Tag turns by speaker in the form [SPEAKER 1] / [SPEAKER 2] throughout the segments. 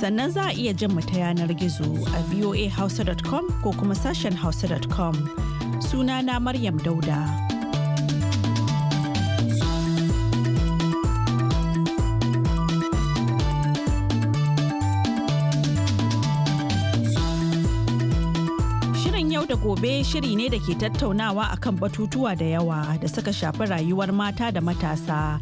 [SPEAKER 1] sannan za a iya jin mu ta yanar gizo a voahausa.com ko kuma sashen hausa.com na maryam dauda da gobe shiri ne da ke tattaunawa akan batutuwa da yawa da suka shafi rayuwar mata da matasa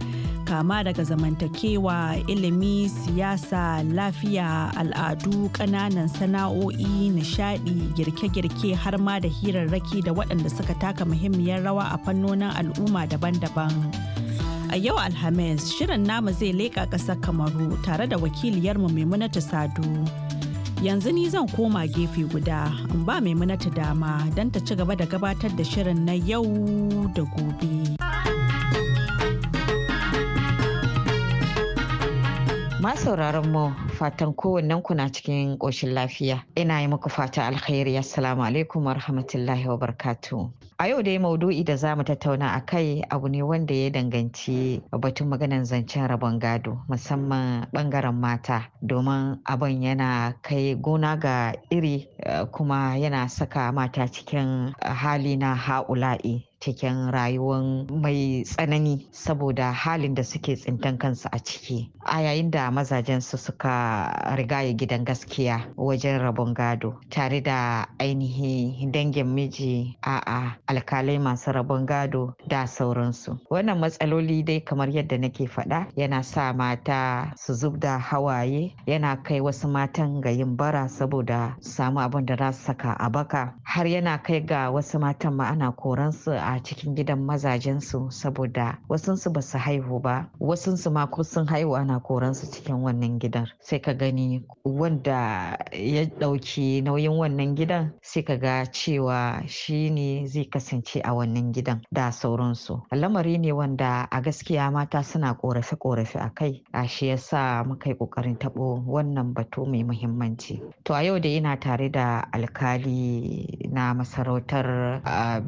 [SPEAKER 1] kama daga zamantakewa ilimi siyasa lafiya al'adu kananan sana'o'i nishadi girke-girke har ma da hirarraki da waɗanda suka taka muhimmiyar rawa a fannonin al'umma daban-daban a yau alhamis shirin namu zai leƙa ƙasar kamaru tare da wakiliyarmu maimunatu sadu yanzu ni zan koma gefe guda in ba maimunatu dama don ta ci gaba da gabatar da shirin na yau
[SPEAKER 2] da gobe. sauraron mu fatan kowannen na cikin ƙoshin lafiya. Ina yi muku fata alkhairi assalamu alaikum wa rahmatullahi wa barkatu. A yau dai maudu'i da za mu tattauna a kai abu ne wanda ya danganci batun maganan zancen rabon gado musamman bangaren mata domin abin yana kai gona ga iri eh, kuma yana saka mata cikin eh, hali na ha'ula'i cikin rayuwar mai tsanani saboda halin da suke tsintan kansu a ciki a yayin da mazajen su suka rigaya gidan gaskiya wajen rabon gado tare da ainihin dangin miji a alkalai masu rabon gado da sauransu wannan matsaloli dai kamar yadda nake faɗa yana sa mata su zub da hawaye yana kai wasu matan ga yin bara saboda samu abin da za su saka a baka har yana kai ga wasu matan ma ana koransu a cikin gidan mazajensu saboda wasunsu ba su haihu ba wasunsu ma ko sun haihu ana koransu cikin wannan gidan sai ka gani wanda ya ɗauki nauyin wannan gidan sai ka ga cewa shi ne zai kasance a wannan gidan da sauransu lamari ne wanda a gaskiya mata suna korafe-korafe a kai a shi yasa muka yi ƙoƙarin taɓo wannan batu mai muhimmanci to a yau da ina tare da alkali na masarautar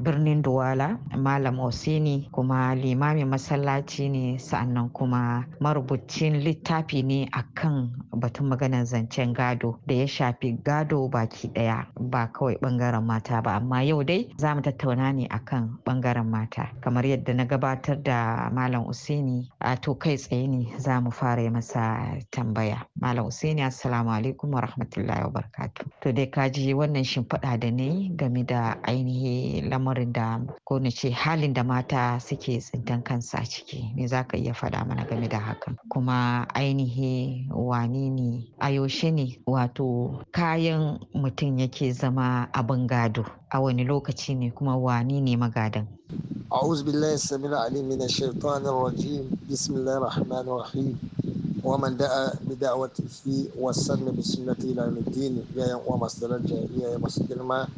[SPEAKER 2] birnin duwala Malam Hosseini kuma limamin masallaci ne sa'annan kuma marubucin littafi ne akan batun maganar zancen gado da ya shafi gado baki daya ba kawai bangaren mata ba amma yau dai za mu tattauna ne kan bangaren mata kamar yadda na gabatar da Malam Hosseini a to kai tsaye ne za mu fara masa tambaya Malam Hosseini assalamu alaikum wa rahmatullahi wa barakatuh to dai kaji wannan shimfiɗa da ne game da ainihin lamarin da ko na ce halin da mata suke tsintan kansa ciki me za ka iya faɗa mana game da hakan kuma ainihi wani ne a yaushe ne wato kayan mutum yake zama abin gado a wani lokaci ne kuma wani ne magadan
[SPEAKER 3] a'udhu billahi samira ali min ash-shaytanir rajim bismillahir rahim wa man da'a bi da'watihi wa sanna bi sunnati ila al ya yan uwa masu jahiliya ya masu girma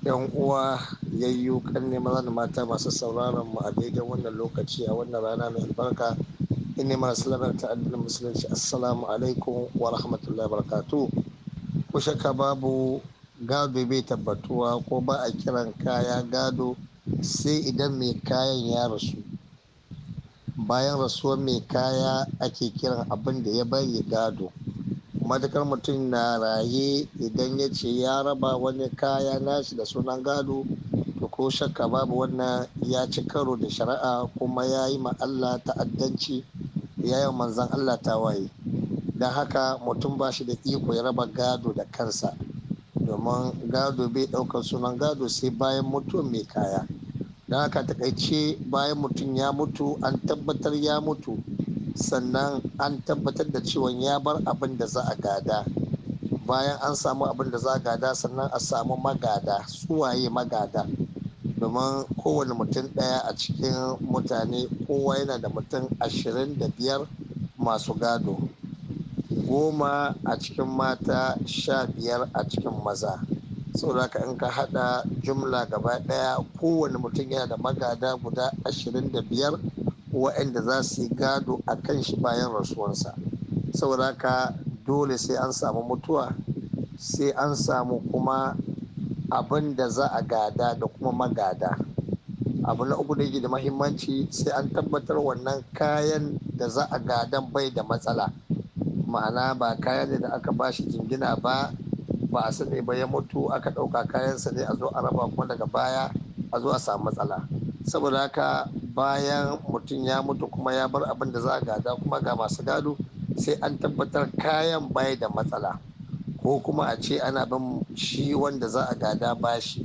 [SPEAKER 3] yan uwa yayyu kanne maza da mata masu sauraron mu a daidai wannan lokaci a wannan rana mai albarka inni ma salamar ta addinin musulunci assalamu alaikum wa rahmatullahi barakatu ku shakka babu gado bai tabbatuwa ko ba a kiran kaya gado sai idan mai kayan ya rasu bayan rasuwar mai kaya ake kiran abin da ya bari gado matakar mutum na raye idan ya ce ya raba wani kaya nashi da sunan gado to ko shakka babu wannan ya ci karo da shari'a kuma ya yi ma Allah ta'addanci ya yi manzan Allah waye don haka mutum ba shi da iko ya raba gado da kansa domin gado bai ɗaukar sunan gado sai bayan mutum mai kaya don haka takaice bayan mutum ya mutu an tabbatar ya mutu sannan an tabbatar da cewa ya bar abin da za a gada bayan an samu abin da za a gada sannan a samu magada suwaye magada domin kowane mutum ɗaya a cikin mutane kowa yana da mutum ashirin da biyar masu gado goma a cikin mata sha biyar a cikin maza saboda da in ka hada jumla gaba ɗaya kowane mutum yana da magada guda ashirin da biyar waɗanda za su yi gado a kan shi bayan rasuwansa saboda ka dole sai an samu mutuwa sai an samu kuma abin da za a gada da kuma magada abu na uku da yake da mahimmanci sai an tabbatar wannan kayan da za a gadan bai da matsala ma'ana ba kayan ne da aka ba shi jingina ba ba a sani ba ya mutu aka ɗauka kayansa ne a zo a raba kuma daga baya a zo a samu matsala saboda haka bayan mutum ya mutu kuma ya bar abin da za a gada kuma ga masu gado sai an tabbatar kayan bai da matsala ko kuma a ce ana bin shi wanda za a gada bashi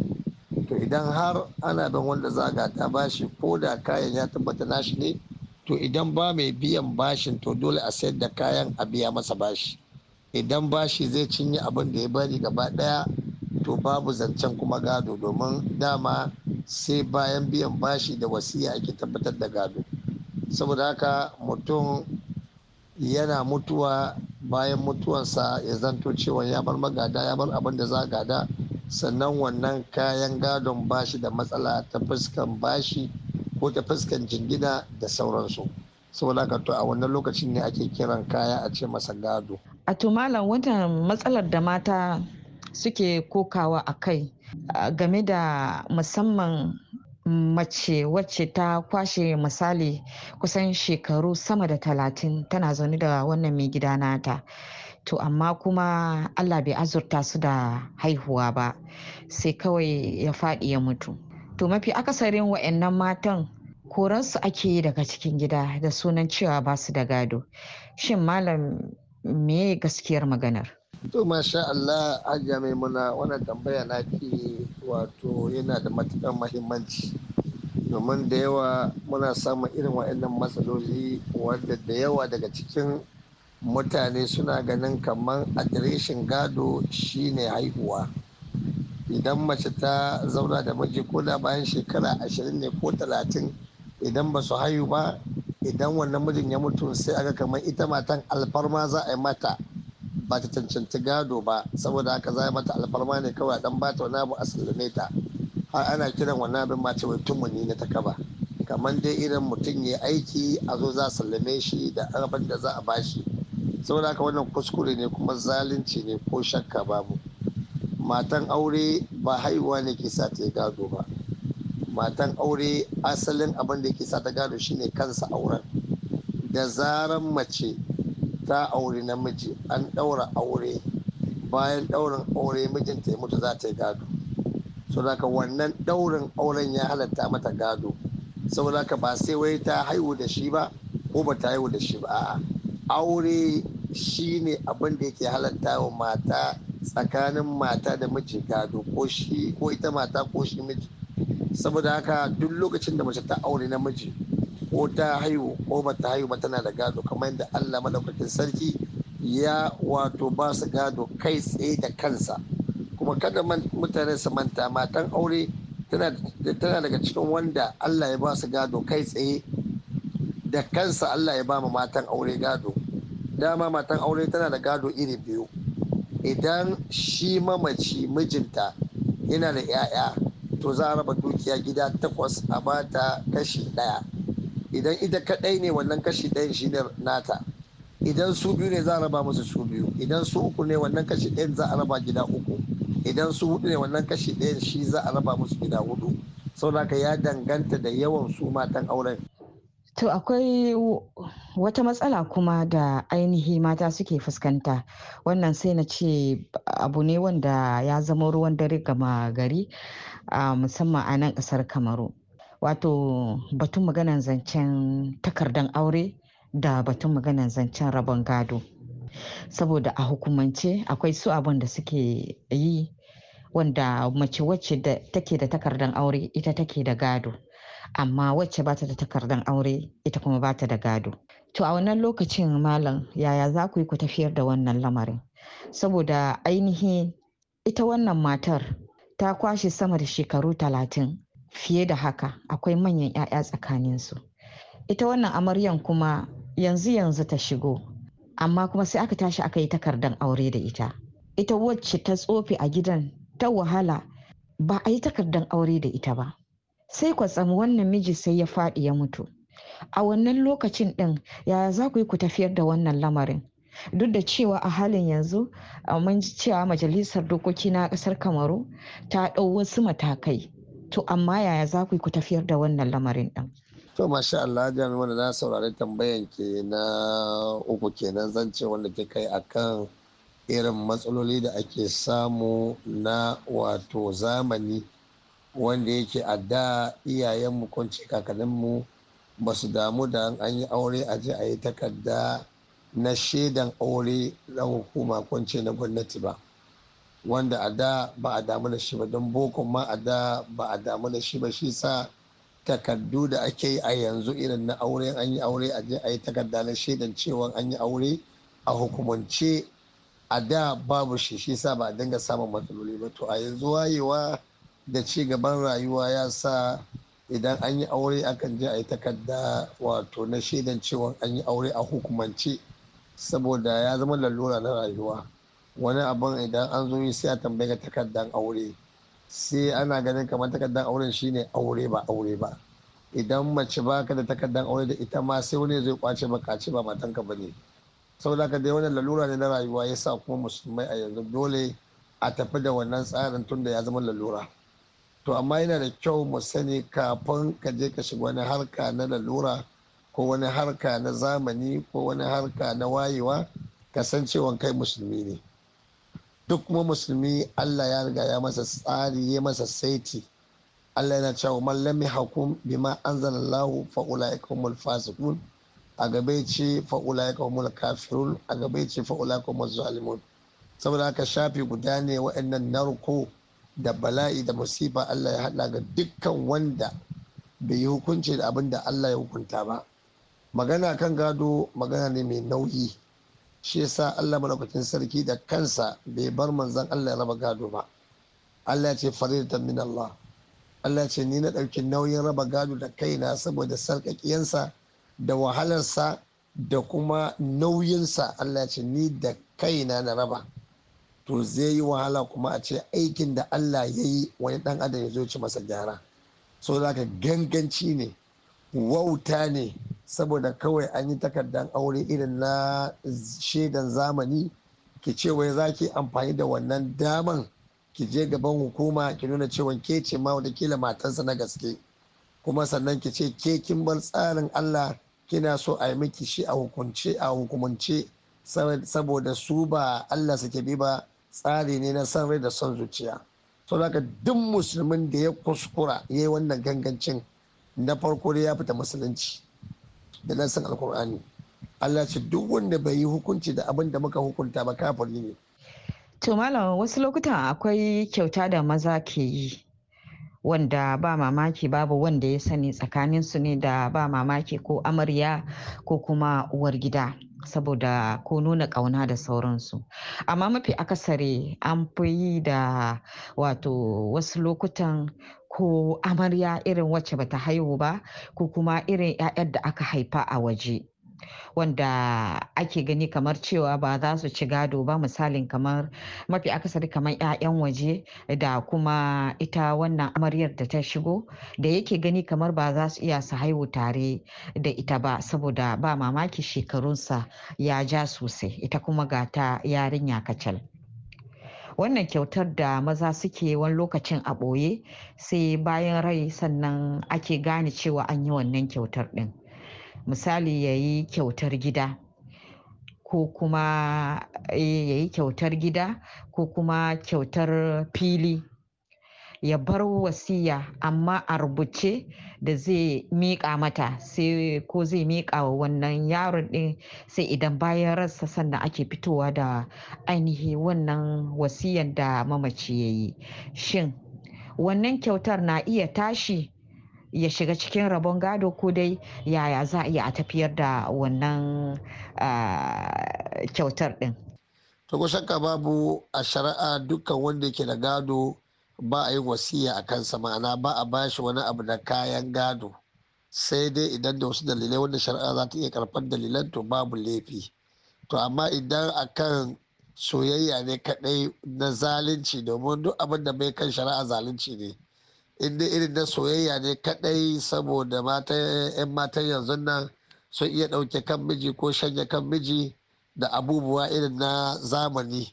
[SPEAKER 3] to idan har ana bin wanda za a gada bashi ko da kayan ya tabbata nashi ne to idan ba mai biyan bashin to dole a sayar da kayan a biya masa bashi idan bashi zai cinye abin da ya bari gaba daya to babu zancen kuma gado domin dama sai bayan biyan bashi da wasiya ake tabbatar da gado saboda haka mutum yana mutuwa bayan mutuwansa ya zanto cewa ya bar magada ya bar abin da za a gada sannan wannan kayan gadon bashi da matsala ta fuskan bashi ko ta fuskan jingina da sauransu saboda haka to a wannan lokacin ne ake kiran kaya a ce masa gado
[SPEAKER 2] a to malam matsalar da mata suke kokawa a kai game da musamman mace wacce ta kwashe misali kusan shekaru sama da talatin tana zaune da wannan mai gida nata to amma kuma allah bai azurta su da haihuwa ba sai kawai ya faɗi ya mutu to mafi akasarin wa'annan matan koransu ake yi daga cikin gida da sunan cewa ba su da gado shin malam me gaskiyar maganar
[SPEAKER 3] To masha Allah mai muna wannan tambaya na ke wato yana da matuƙar mahimmanci. Domin da yawa muna samun irin waɗannan matsaloli wadda da yawa daga cikin mutane suna ganin kamar adireshin gado shine haihuwa. Idan mace ta zauna da miji ko da bayan shekara ashirin ne ko talatin idan ba su haihu ba idan wannan mijin ya mutu sai aga kamar ita matan alfarma za a yi mata ba ta cancanci gado ba saboda haka za mata alfarma ne kawai dan ta wani abu a sallame ta har ana kiran wannan abin ma ce tumuni na ta kaba kamar dai irin mutum ya aiki a zo za sallame shi da abin da za a bashi saboda haka wannan kuskure ne kuma zalunci ne ko shakka babu matan aure ba haihuwa ne ke sa ta yi gado ba matan aure asalin abin da ke sa ta gado shine kansa auren da zaran mace ta aure namiji an ɗaura aure bayan ɗaurin aure mijinta ya mutu za ta yi gado saboda daga wannan ɗaurin auren ya halatta mata gado saboda daga ba sai wai ta haihu da shi ba ko ba ta haihu da shi ba a'a aure shi ne abin da yake halatta wa mata tsakanin mata da miji gado ko shi ko ita mata ko shi miji saboda haka duk lokacin da mace ta aure namiji ko ta haihu ko ba ta haihu ba tana da gado kamar yadda Allah madaukakin sarki ya wato ba su gado kai tsaye da kansa kuma kada mutane su manta matan aure tana daga cikin wanda Allah ya ba su gado kai tsaye da kansa Allah ya ba ma matan aure gado dama matan aure tana da gado iri biyu idan shi mamaci mijinta yana da 'ya'ya to za a raba dukiya gida takwas a bata kashi ɗaya idan ita kadai ne wannan kashi ɗayan shi ne nata idan su biyu ne za a raba musu su biyu idan su uku ne wannan kashi ɗayan za a raba gida uku idan su hudu ne wannan kashi ɗayan shi za a raba musu gida hudu saboda ya danganta da yawan su matan auren
[SPEAKER 2] To akwai wata matsala kuma da ainihi mata suke fuskanta wannan sai na ce abu ne wanda ya zama ruwan dare gama gari ah, musamman a nan kasar kamaru wato batun maganan zancen takardan aure da batun maganan zancen rabon gado saboda a hukumance akwai su abin da suke yi wanda mace wacce take da takardan aure ita take da gado amma wacce ba ta da takardan aure ita kuma ba ta da gado to a wannan lokacin malam yaya za ku yi ku tafiyar da wannan lamarin saboda ainihi ita wannan matar ta kwashe sama da shekaru talatin fiye da haka akwai manyan 'ya'ya tsakaninsu ita wannan amaryan kuma yanzu yanzu ta shigo amma kuma sai aka tashi aka yi takardar aure da ita ita wacce ta tsofe a gidan ta wahala ba a yi takardan aure da ita ba sai kwatsam wannan miji sai ya faɗi ya mutu a wannan lokacin ɗin yaya za ku yi ku tafiyar da wannan lamarin duk da cewa a halin yanzu mun cewa majalisar dokoki na ƙasar kamaru ta ɗau wasu matakai to amma yaya za ku yi ku tafiyar da wannan lamarin ɗin?
[SPEAKER 3] to masha Allah jami'in wanda na saurari tambayan ke na uku kenan zance wanda ke kai akan irin matsaloli da ake samu na wato zamani wanda yake a da iyayenmu ko kakanninmu ba su damu da an yi aure a je a yi takarda na shaidan aure na hukuma ko na gwamnati ba wanda a da ba a damu da shi ba don bokon ma a da ba a damu da shi ba shi sa takardu da ake yi a yanzu irin na aure an yi aure a je a yi takarda na shaidan cewa an yi aure a hukumance a da babu shi shi sa ba a dinga samun matsaloli ba to a yanzu wayewa da ci gaban rayuwa ya sa idan an yi aure akan je a yi takarda wato na shaidan cewa an yi aure a hukumance saboda ya zama lalura na rayuwa wani abin idan an zo yi sai a tambaye ka takardar aure sai ana ganin kamar takardar auren shine aure ba aure ba idan mace ba ka da takardar aure da ita ma sai wani zai kwace maka kace ba matanka ba ne saboda ka dai wannan lalura ne na rayuwa ya sa kuma musulmai a yanzu dole a tafi da wannan tsarin tun da ya zama lalura to amma yana da kyau mu sani kafin ka je ka shiga wani harka na lalura ko wani harka na zamani ko wani harka na wayewa cewa kai musulmi ne duk kuma musulmi Allah ya riga ya masa tsari ya masa saiti Allah yana cewa man lam yahkum bima anzalallahu fa ulaika humul fasiqun a gabe ce fa ulaika humul kafirun a gabe ce fa ulaika humuz zalimun saboda haka shafi guda ne wa'annan narko da bala'i da masifa Allah ya hada ga dukkan wanda bai yi hukunci da abin da Allah ya hukunta ba magana kan gado magana ne mai nauyi shi yasa Allah madaukakin sarki da kansa bai bar manzon Allah ya raba gado ba Allah ya ce faridatan min Allah Allah ya ce ni na ɗauki nauyin raba gado da kaina saboda sarkakiyansa da wahalarsa da kuma nauyinsa Allah ya ce ni da kaina na raba to zai yi wahala kuma a ce aikin da Allah ya yi wani ɗan adam ya zo ci masa gyara so za ka ganganci ne wauta ne saboda kawai an yi takardar aure irin na shaidan zamani ki ce wai za ki amfani da wannan daman ki je gaban hukuma ki nuna cewa ke ce ma wata kila matarsa na gaske kuma sannan ki ce ke kin bar tsarin Allah kina so a yi miki shi a hukunce a hukumance saboda su ba Allah suke bi ba tsari ne na san rai da son zuciya to haka duk musulmin da ya kuskura ya yi wannan gangancin na farko da ya fita musulunci da nasan alkur'ani Allah ce duk wanda bai yi hukunci da abin da muka hukunta ba kafin ne
[SPEAKER 2] to malam wasu lokutan akwai kyauta da maza ke yi wanda ba mamaki babu wanda ya sani tsakanin su ne da ba mamaki ko amarya ko kuma uwar gida saboda ko nuna kauna da sauransu amma mafi akasare an fi yi da wato wasu lokutan ko amarya irin wacce bata haihu ba ko kuma irin 'ya'yan da aka haifa a waje wanda ake gani kamar cewa ba za su ci gado ba misalin kamar mafi akasari kamar 'ya'yan waje da kuma ita wannan amaryar da ta shigo da yake gani kamar ba za su iya su haihu tare da ita ba saboda ba mamaki shekarunsa ya ja sosai ita kuma ga ta yarinya kacal. wannan kyautar da maza suke wani lokacin a ɓoye sai bayan rai sannan ake gane cewa an yi wannan kyautar ɗin misali ya yi kyautar gida ko kuma eh, ya yi kyautar gida ko kuma kyautar fili ya bar wasiya amma a rubuce da zai miƙa mata sai ko zai miƙa wa wannan yaron ɗin sai idan bayan rasa sannan ake fitowa da ainihi wannan wasiyan da mamaci ya yi shin wannan kyautar na iya tashi ya shiga cikin rabon gado ko dai yaya za a iya a tafiyar da wannan kyautar ɗin.
[SPEAKER 3] ta shakka babu a shari'a dukkan wanda ke da gado ba a yi wasiya a kansa ma'ana ba a bashi wani abu da kayan gado sai dai idan da wasu dalilai wanda shari'a za ta iya karfan dalilan to babu laifi to amma idan a kan soyayya ne kadai na zalunci domin duk abin da bai kan shari'a zalunci ne inda irin na soyayya ne kadai saboda yan matan yanzu nan sun iya ɗauke kan miji ko shanya kan miji da abubuwa irin na zamani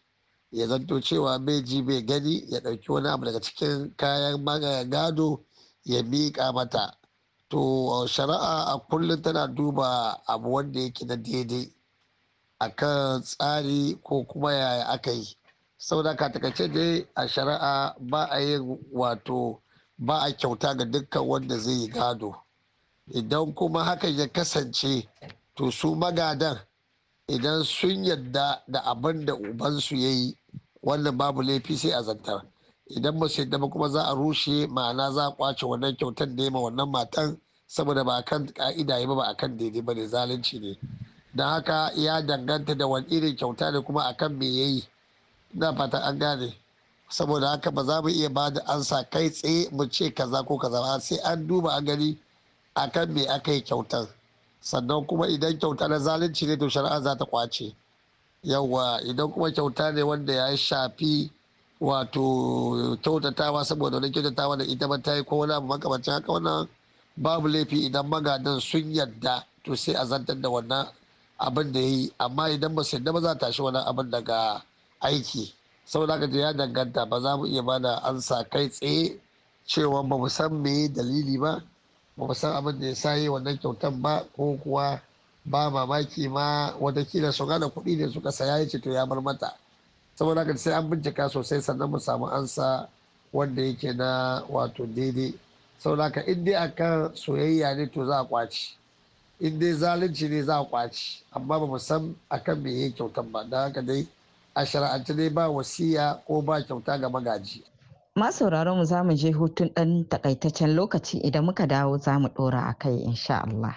[SPEAKER 3] ya zanto cewa meji ji bai gani ya ɗauki wani abu daga cikin kayan magaya gado ya miƙa mata to shari'a a kullum tana duba abu wanda yake na daidai akan tsari ko kuma yaya aka yi saboda ka takaice dai a shari'a ba a yin wato ba a kyauta ga dukkan wanda zai yi gado idan kuma hakan ya kasance to su magadan idan sun yadda da abin da ubansu ya yi wannan babu laifi sai a zantar idan ba su yadda ba kuma za a rushe ma'ana za a kwace wannan kyautar da ma wannan matan saboda ba kan ka'ida ya ba ba akan daidai ba ne zalunci ne don haka ya danganta da wani irin kyauta ne kuma akan me ya yi na fata an gane saboda haka ba za mu iya ba da ansa kai tsaye mu ce kaza ko kaza ba sai an duba an gani akan me aka yi kyautar sannan kuma idan kyauta na zalunci ne to shari'a za ta kwace yawa idan kuma kyauta ne wanda ya shafi wato kyautatawa saboda wani kyautatawa da ita ta yi ko wani abu makamancin haka wannan babu laifi idan magadan sun yadda to sai a zantar da wannan abin da yi amma idan ba su yadda ba za ta shi wani abin daga aiki saboda haka ya danganta ba za mu iya bada ansa kai tsaye cewa ba mu san me dalili ba ba mu san abin da ya sa wannan kyautan ba ko kuwa ba mamaki ma kila su gane kuɗi ne suka saya ya ce to ya bar mata saboda haka sai an bincika sosai sannan mu samu ansa wanda yake na wato daidai saboda haka in dai akan soyayya ne to za a kwaci in dai zalunci ne za a kwaci amma ba mu san akan me yake kyautan ba don haka dai a shara'ance dai ba wasiya ko ba kyauta ga magaji
[SPEAKER 2] masauraron mu za mu je hutun ɗan takaitaccen lokaci idan muka dawo za mu ɗora a kai insha Allah.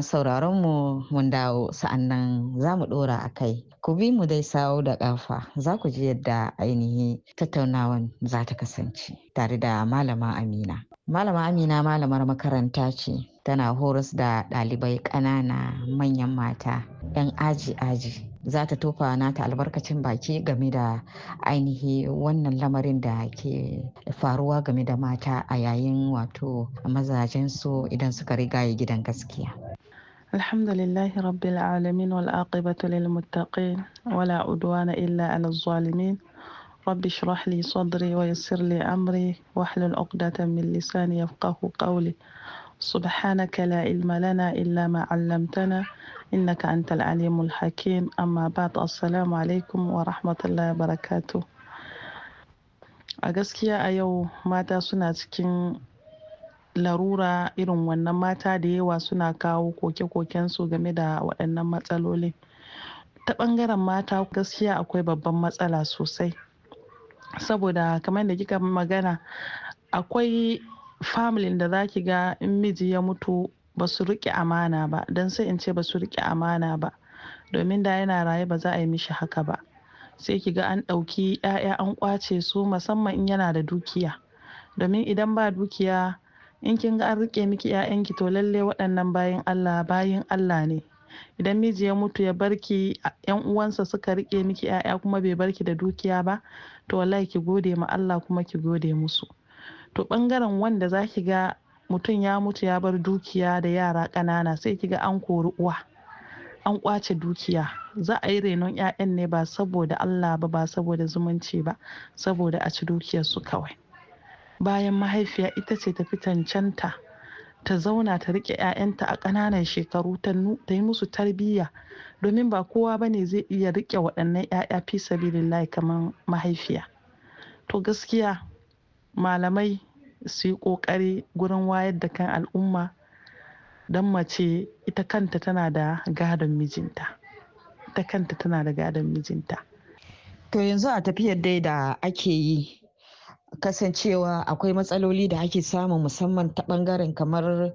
[SPEAKER 2] sauraron mu mun dawo sa'annan za mu dora a kai ku bi mu dai sawo da ƙafa za ku ji yadda ainihi tattaunawan za ta kasance tare da malama amina malama amina malamar makaranta ce tana horas da ɗalibai ƙanana manyan mata 'yan aji aji za ta tofa nata albarkacin baki game da ainihi wannan lamarin da ke faruwa game da mata a yayin wato mazajen su idan suka rigaye gidan gaskiya. alhamdulillahi
[SPEAKER 4] rabbil alamin wal aqibatu lil muttaqin wala udwana illa ala zalimin rabbi shrah li sadri wa yassir li amri hlul uqdatan min lisani yafqahu qawli subhanaka la ilma lana illa ma 'allamtana إنك أنت العليم الحكيم أما بعد السلام عليكم ورحمة الله وبركاته a gaskiya a yau mata suna cikin larura irin wannan mata da yawa suna kawo koke-kokensu game da waɗannan matsalolin ta ɓangaren mata gaskiya akwai babban matsala sosai saboda kamar da kika magana akwai familin da za ki ga in miji ya mutu ba su riƙe amana ba don sai in ce ba su riƙe amana ba domin da yana raye ba za a yi mishi haka ba sai ki ga an ɗauki 'ya'ya an kwace su musamman in yana da dukiya domin idan ba dukiya in kin ga an riƙe miki 'ya'yanki to lalle waɗannan bayan allah bayan allah ne idan miji ya mutu ya barki yan uwansa suka riƙe miki yaya kuma bai barki da dukiya ba to wallahi ki gode ma Allah kuma ki gode musu to bangaren wanda zaki ga mutum ya mutu ya bar dukiya da yara ƙanana sai kiga an kori uwa an kwace dukiya za a yi renon 'ya'yan ne ba saboda allah ba ba saboda zumunci ba saboda a ci dukiyarsu kawai bayan mahaifiya ita ce ta fitancanta ta zauna ta rike 'ya'yanta a ƙananan shekaru ta yi musu tarbiyya domin ba kowa ba ne zai iya rike waɗannan 'ya'ya fi sabilillahi kamar mahaifiya to gaskiya malamai su yi ƙoƙari gurin wayar da kan al'umma don mace ita kanta tana da
[SPEAKER 2] gadon mijinta ita kanta tana da gadon mijinta to yanzu a tafiyar dai da ake yi kasancewa akwai matsaloli da ake samu musamman ta bangaren kamar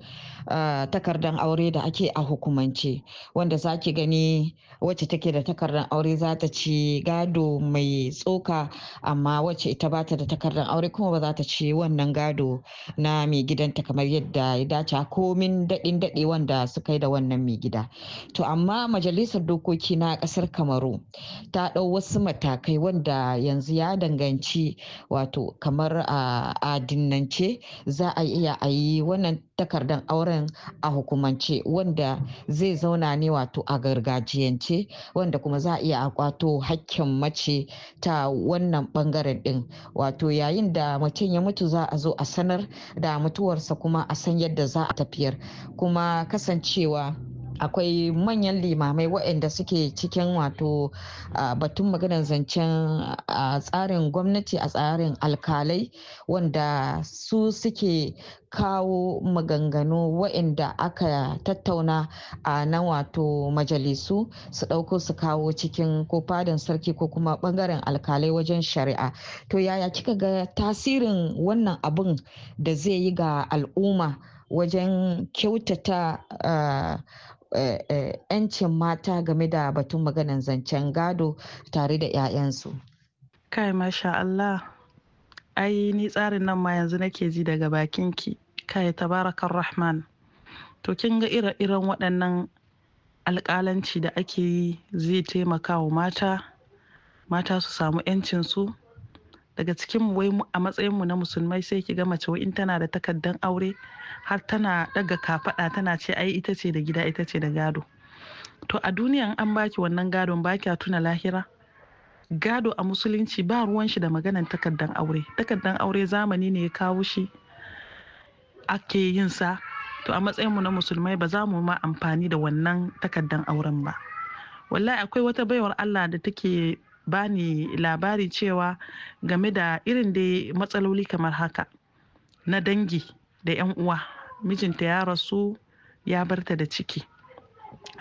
[SPEAKER 2] ah, takardar aure da ake a hukumance wanda za ki gani wacce take da takardar aure za ta ci gado mai tsoka amma wacce ita ba ta da takardar aure kuma ba za ta ci wannan gado na mai gidanta kamar yadda ya dace komin daɗin daɗe wanda suka yi da wannan mai gida to amma majalisar dokoki na ƙasar kamaru ta ɗau wasu matakai wanda yanzu ya danganci wato kamar a adinnance za a iya a yi wannan takardar auren a hukumance wanda zai zauna ne wato a gargajiyance wanda kuma za a iya a kwato hakkin mace ta wannan bangaren din wato yayin da mutum ya mutu za a zo a sanar da mutuwarsa kuma a san yadda za a tafiyar kuma kasancewa akwai manyan limamai waɗanda suke cikin wato batun maganar zancen tsarin gwamnati a tsarin alkalai wanda su suke kawo maganganu waɗanda aka tattauna a na wato majalisu su ɗauko su kawo cikin ko fadin sarki ko kuma ɓangaren alkalai wajen shari'a to yaya kika ga tasirin wannan abin da zai yi ga al'umma wajen kyautata Eh, eh, 'yancin mata game da batun maganan zancen gado tare da 'ya'yansu. kai masha Allah ai ni tsarin nan ma yanzu nake ji daga bakin bakinki
[SPEAKER 4] kai tabarakar rahman to kin ga ire-iren waɗannan alƙalanci da ake yi zai taimaka wa mata mata su samu 'yancinsu daga cikin wai a matsayinmu na musulmai sai ki ga mace wai in tana da takardan aure har tana daga kafada tana ce ai ita ce da gida ita ce da gado to a duniyan an baki wannan gadon ba kya tuna lahira gado a musulunci ba ruwan shi da maganan takardan aure takardan aure zamani ne ya kawo shi ake yin sa to a matsayinmu na musulmai ba za mu ma amfani da wannan takardan auren ba wallahi akwai wata baiwar Allah da take bani labari cewa game da irin da matsaloli kamar haka na dangi da 'yan uwa mijinta ya rasu ya barta da ciki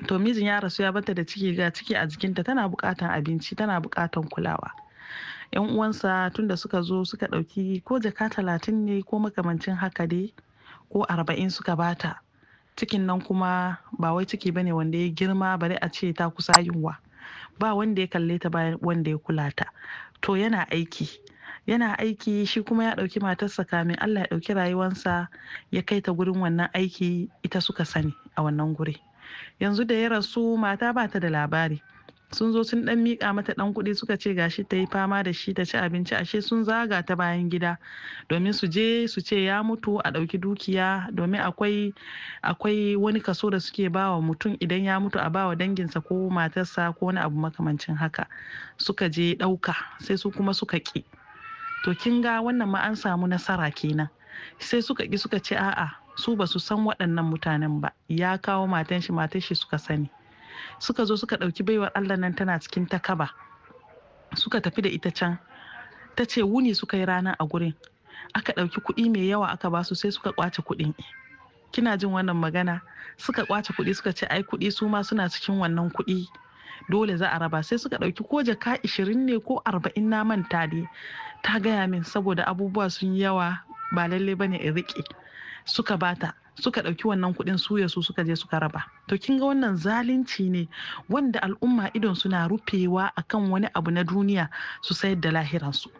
[SPEAKER 4] to mijin ya rasu ya barta da ciki ga ciki a jikinta tana bukatan abinci tana bukatan kulawa yan uwansa tunda suka zo suka dauki ko jaka talatin ne ko makamancin haka dai ko arba'in suka bata cikin nan kuma ba wai ciki bane wanda ya girma bari a ce ta kusa yunwa ba wanda ya kalle ta ba wanda ya kula ta to yana aiki yana aiki shi kuma ya ɗauki matarsa kamin Allah ya ɗauki rayuwarsa ya kai ta gurin wannan aiki ita suka sani a wannan guri yanzu da ya rasu mata ba ta da labari sun zo sun dan mika mata dan kuɗi suka ce gashi ta yi fama da shi ta ci abinci ashe sun zaga ta bayan gida domin su je su ce ya mutu a ɗauki dukiya domin akwai wani kaso da suke bawa mutum idan ya mutu a bawa danginsa ko matarsa ko wani abu makamancin haka suka je ɗauka sai su kuma suka ƙi to kin ga wannan ma an samu nasara kenan sai suka ƙi suka ce a'a su ba su san waɗannan mutanen ba ya kawo matan shi matan shi suka sani suka zo suka ɗauki baiwar allah nan tana cikin takaba suka tafi da ita can ta ce wuni suka yi rana a gurin aka ɗauki kuɗi mai yawa aka basu sai suka kwace kuɗin kina jin wannan magana suka kwace kuɗi suka ce ai kuɗi su ma suna cikin wannan kuɗi dole za a raba sai suka ɗauki ko jaka ishirin ne ko arba'in na manta ne ta gaya min saboda abubuwa sun yawa ba lalle bane in riƙe suka bata suka ɗauki wannan kuɗin suya su suka je suka raba to kin ga wannan zalunci ne wanda al'umma idon suna rufewa akan wani abu na duniya su sayar da lahiransu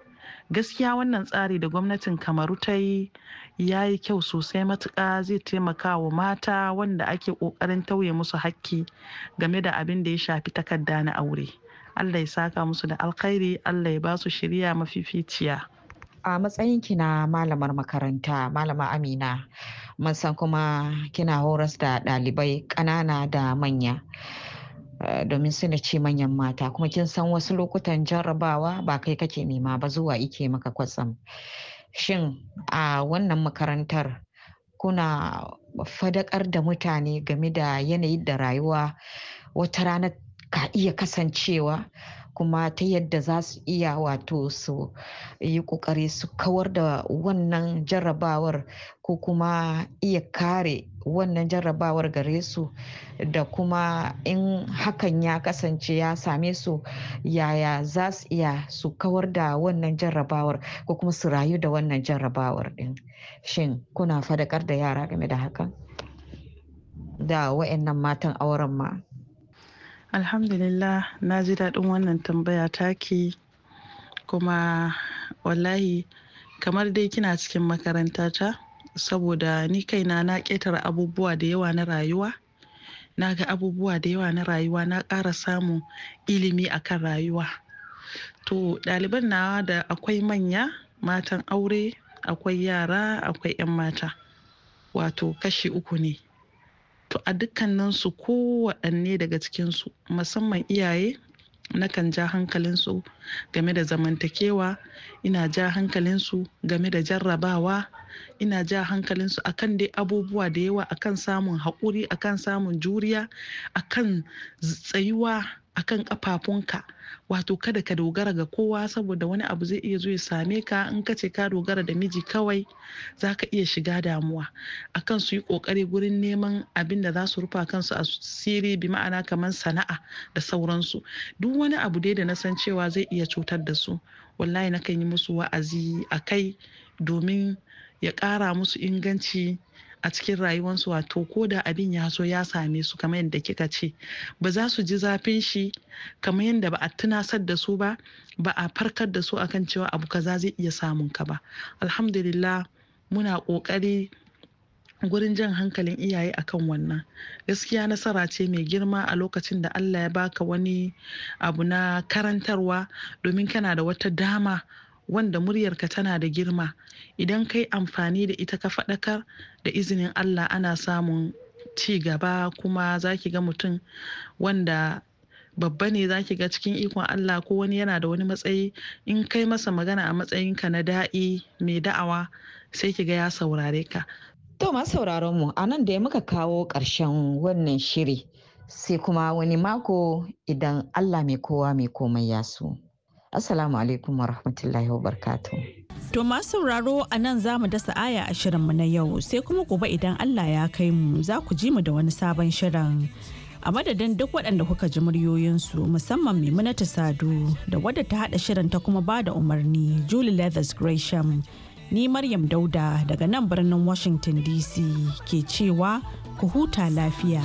[SPEAKER 4] gaskiya wannan tsari da gwamnatin kamaru ta yi ya yi kyau sosai matuka zai taimaka wa mata wanda ake ƙoƙarin tauye musu hakki game da abin da ya shafi takarda na aure allah ya saka musu da alkhairi allah ya basu su shirya
[SPEAKER 2] mafificiya a matsayin ki na malamar makaranta malama amina mun san kuma kina horas da ɗalibai ƙanana da manya eh, domin suna ce manyan mata kuma kin san wasu lokutan jarrabawa ba kai kake nema ba zuwa ike maka kwatsam shin a wannan makarantar kuna fadakar da mutane game da yanayin da rayuwa wata rana ka iya kasancewa kuma ta yadda za su iya wato su yi kokari su kawar da wannan jarrabawar ko kuma iya kare wannan jarrabawar gare su da kuma in hakan ya kasance ya same su yaya za su iya su kawar da wannan jarrabawar ko kuma su rayu da wannan jarrabawar din shin kuna fadakar da yara game da hakan da wa'annan matan auren ma
[SPEAKER 4] Alhamdulillah na ji daɗin wannan tambaya ke kuma wallahi kamar dai kina cikin makaranta ta saboda ni kaina na ƙetare abubuwa da yawa na rayuwa na ga abubuwa da yawa na rayuwa na ƙara samun ilimi akan rayuwa to ɗaliban nawa da akwai manya matan aure akwai yara akwai 'yan mata wato kashi uku ne to a dukkaninsu kowaɗanne daga cikin su musamman iyaye nakan ja hankalinsu game da zamantakewa ina ja hankalinsu game da jarrabawa ina ja hankalinsu akan dai abubuwa da yawa akan samun haƙuri akan samun juriya akan tsayuwa akan kafafunka wato kada ka dogara ga kowa saboda wani abu zai iya zo ya same ka in ka ce ka dogara da miji kawai za ka iya shiga damuwa akan su yi kokari gurin neman abin da za su rufa kansu a siri bi ma'ana kamar sana'a da sauransu duk wani abu dai da na san cewa zai iya cutar da su wallahi na kan yi musu wa'azi a kai domin ya ƙara musu inganci a cikin rayuwarsu wato ko da abin ya so ya same su kamar yadda kika ce ba za su ji zafin shi kamar yadda ba a tunasar da su ba ba a farkar da su akan cewa abu kaza zai iya samun ka ba alhamdulillah muna kokari gurin jan hankalin iyaye akan wannan gaskiya nasara ce mai girma a lokacin da allah ya baka wani abu na karantarwa domin kana da wata dama wanda muryarka tana da girma idan kai amfani da ita ka faɗakar da izinin allah ana samun ci gaba kuma za ki ga mutum wanda babba ne za ki ga cikin ikon Allah ko wani yana da wani matsayi in kai masa magana a matsayinka na da'i mai da'awa sai ki ga ya saurare ka.
[SPEAKER 2] To ma sauraron mu anan da ya muka kawo ƙarshen wannan shiri sai kuma wani mako idan Allah mai kowa mai komai ya so. Assalamu alaikum wa rahmatullahi wa barkatu.
[SPEAKER 1] To masu sauraro a nan za mu dasa aya a shirinmu na yau sai kuma gobe idan Allah ya kai mu za ku ji mu da wani sabon shirin. a madadin duk waɗanda kuka ji muryoyinsu musamman maimunatu sadu da wadda ta haɗa shirin ta kuma ba da umarni julie leathers gresham ni maryam dauda daga nan birnin washington dc ke cewa ku huta lafiya.